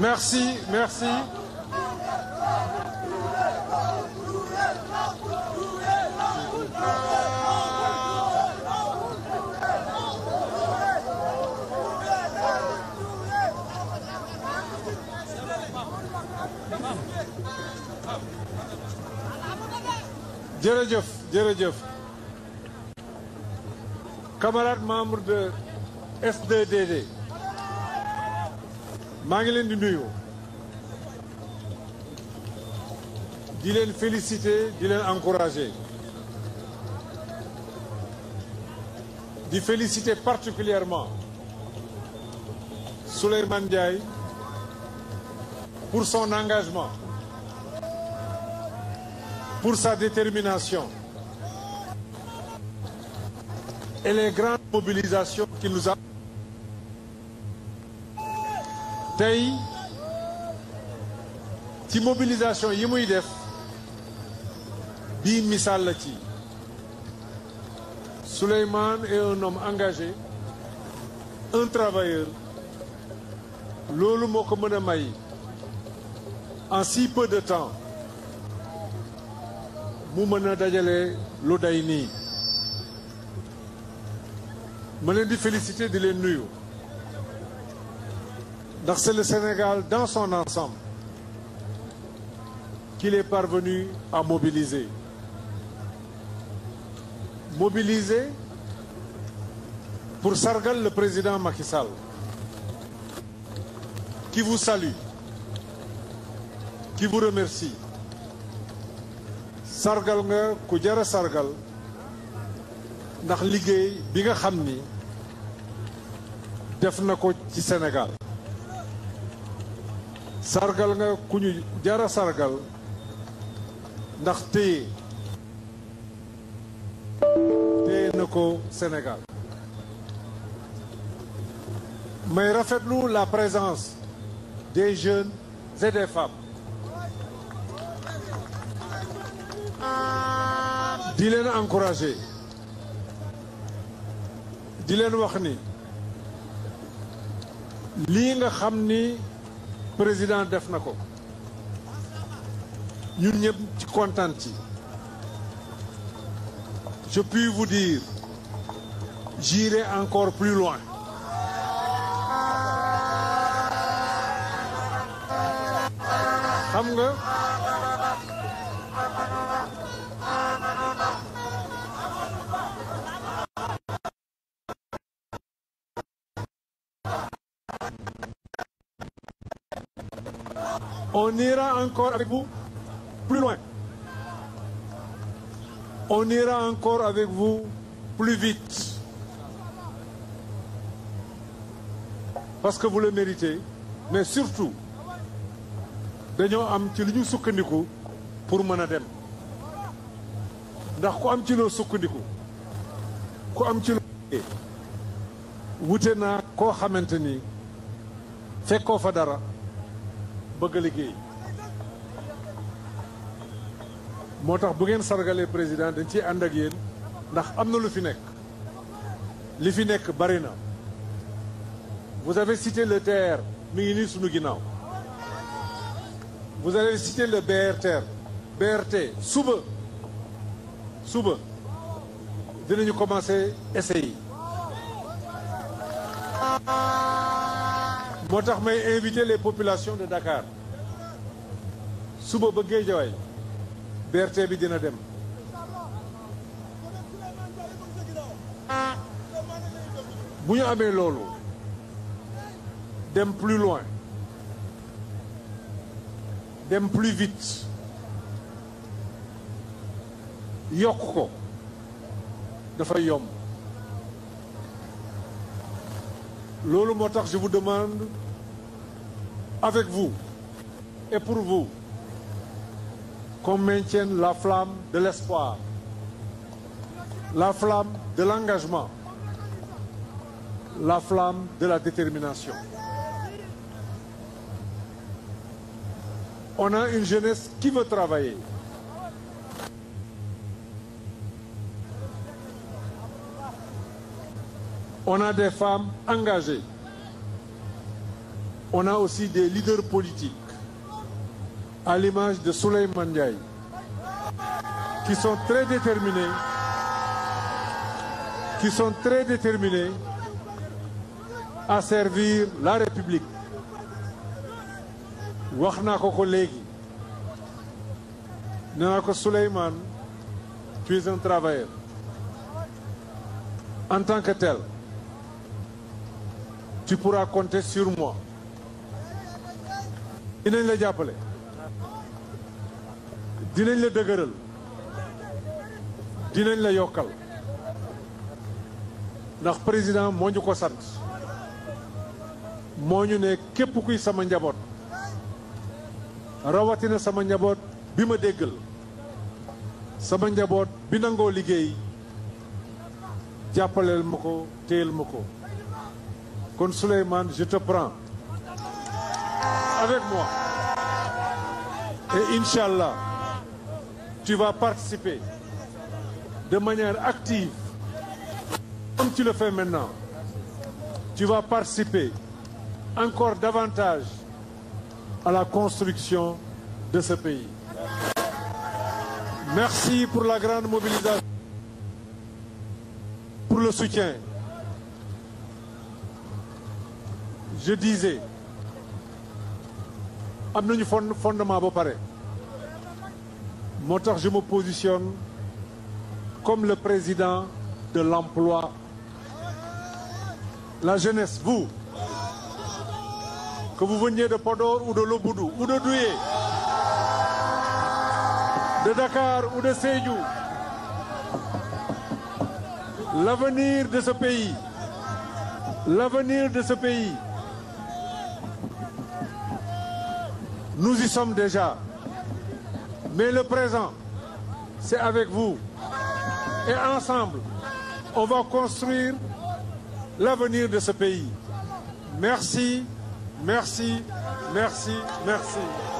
Merci, merci. jërëjëf jërëjëf camarades membres de SDDD maa ngi leen di nuyu di leen féliciter di leen encourager di féliciter particulièrement Souleymane Ndiaye pour son engagement pour sa détermination et les grandes mobilisations qui nous a tey ci mobilisation yi muy def bii misaal la ci Souleymane est un homme engagé un travailleur loolu moo ko mën a may en si peu de temps mu mën a dajale lu day nii ma leen di félicité di leen nuyu ndax c'est le Sénégal dans son ensemble qu'il est parvenu à mobiliser mobiliser pour sargal le président Macky Sall qui vous salue qui vous remercie sargal nga ku jara sargal ndax liggéey bi nga xam ni def na ko ci Sénégal sargal nga ku ñu jara sargal ndax téye téye na ko Sénégal may rafetlu la présence des jeunes et des femmes di leen encouragé di leen wax ni lii nga xam ni président def na ko ñun ñëpp ci kontaan ci je puis vous dire j'irai encore plus loin xam nga On ira encore avec vous plus On ira encore avec vous plus vite. Parce que vous le méritez, mais surtout, dañoo am ci lu ñu sukkandiku pour mën a dem ndax ku am ci loo sukkandiku ku am ci loo wute naa koo xamante ni fekkoo fa dara bëgg a liggéey moo tax bu ngeen sargalee président dañ ci ànd ak yéen ndax am na lu fi nekk li fi nekk bari na vous avez cité le TER mi ngi nii sunu ginnaaw vous avez cité le BRT BRT suba suba dinañu commencer essai yi moo tax may inviter les populations de Dakar suba ba Guédiawaye BRT bi dina dem bu ñu amee loolu dem plus loin dem plus vite yokk ko dafa yomb loolu moo tax je vous demande avec vous et pour vous qu'on maintienne la flamme de l'espoir, la flamme de l'engagement, la flamme de la détermination. On a une jeunesse qui veut travailler. On a des femmes engagées. On a aussi des leaders politiques, à l'image de Souleymane Ndiaye, qui sont très déterminés, qui sont très déterminés à servir la République. wax naa ko ko léegi nee ko Souleymane tu un travailleur en tant que tel tu pourras compter sur moi dinañ la jàppale dinañ la dëgëral dinañ la yokkal ndax président moo ñu ko sant moo ñu ne képp kuy sama njaboot rawatina sama njaboot bi ma déggal sama njaboot bi nangoo liggéey jàppaleel ma ko téyel ma ko kon Souleymane je avec moi. Et Inch'Allah, tu vas participer de manière active, comme tu le fais maintenant. Tu vas participer encore davantage à la construction de ce pays. Merci pour la grande mobilisation, pour le soutien. Je disais, am nañu fond fondement ba pare moo tax je me comme le président de l'emploi la jeunesse vous que vous veniez de Podor ou de Lobboudou ou de Douye de Dakar ou de Sédhiou l'avenir de ce pays l'avenir de ce pays Nous y sommes déjà. Mais le présent, c'est avec vous. Et ensemble, on va construire l'avenir de ce pays. Merci, merci, merci, merci.